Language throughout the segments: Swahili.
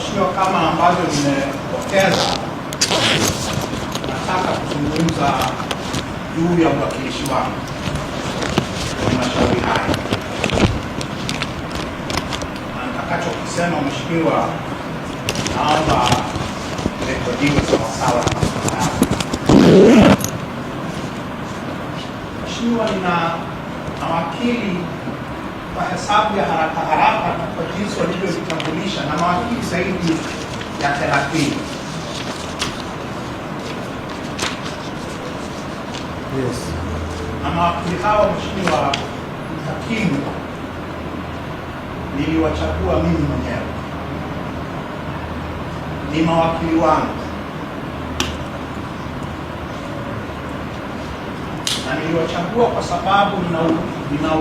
tishio kama ambazo nimepokeza, nataka kuzungumza juu ya uwakilishi wangu kwenye mashauri haya na nitakachokisema, mheshimiwa, naomba rekodiwe sawasawa. Mheshimiwa, nina mawakili kwa hesabu ya haraka haraka kwa jinsi zaidi ya 30 yes. Na mawakili hawa Mheshimiwa Hakimu, niliwachagua mimi mwenyewe, ni mawakili wangu na niliwachagua kwa sababu nina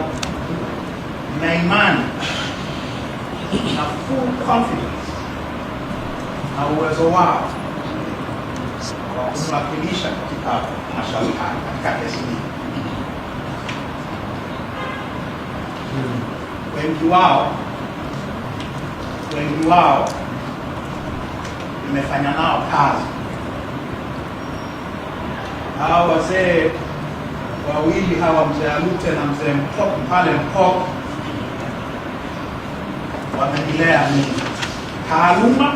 imani na full confidence na uwezo wao wa kumwakilisha katika mashauri katika kesi hii. Wengi wao wengi wao nimefanya nao kazi. Hawa wazee wawili hawa, mzee Alute na mzee Mkoko pale Mkoko, wamenilea mimi taaluma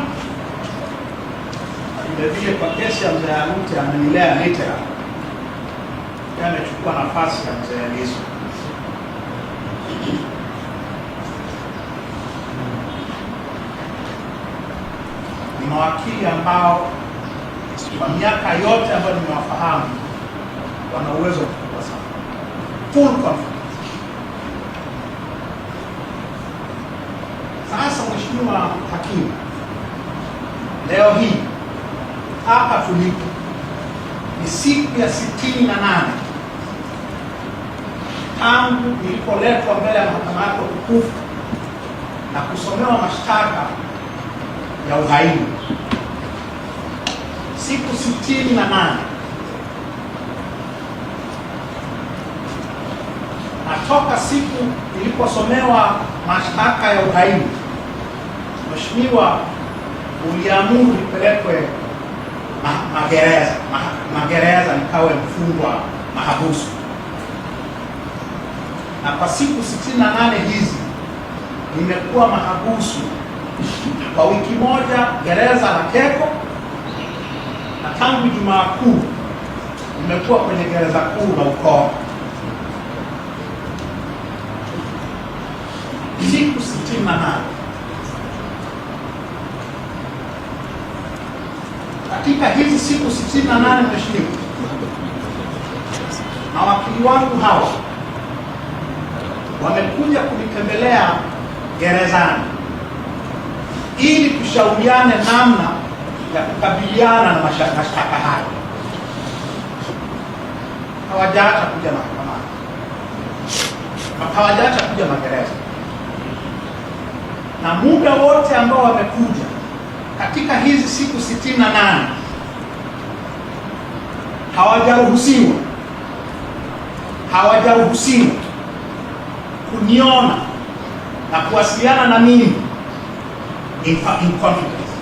vilevile kwa kesi ya mzee Anute amenilea Nitera amechukua nafasi ya mzee Lissu. Ni mawakili ambao kwa miaka yote ambayo nimewafahamu wana uwezo mkubwa sana, full confidence. Sasa mheshimiwa hakimu, leo hii hapa tulipo ni siku ya 68 na tangu ilipoletwa mbele ya mahakama yako tukufu na kusomewa mashtaka ya uhaini. Siku 68 na na toka siku iliposomewa mashtaka ya uhaini, Mheshimiwa, uliamuru ipelekwe magereza magereza, nikawe mfungwa mahabusu, na kwa siku 68 hizi nimekuwa mahabusu kwa wiki moja gereza la Keko, na tangu Jumaa Kuu nimekuwa kwenye gereza kuu la ukoo siku 68. katika hizi siku 68 mheshimiwa, mawakili wangu hawa wamekuja kunitembelea gerezani ili tushauriane namna ya kukabiliana na mashtaka hayo. Hawajaacha kuja mahakamani, hawajaacha kuja magereza, na muda wote ambao wamekuja katika hizi siku 68 hawajaruhusiwa hawajaruhusiwa kuniona na kuwasiliana na mimi in confidence,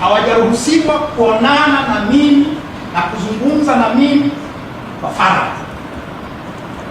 hawajaruhusiwa kuonana na mimi na kuzungumza na mimi kwa faragha.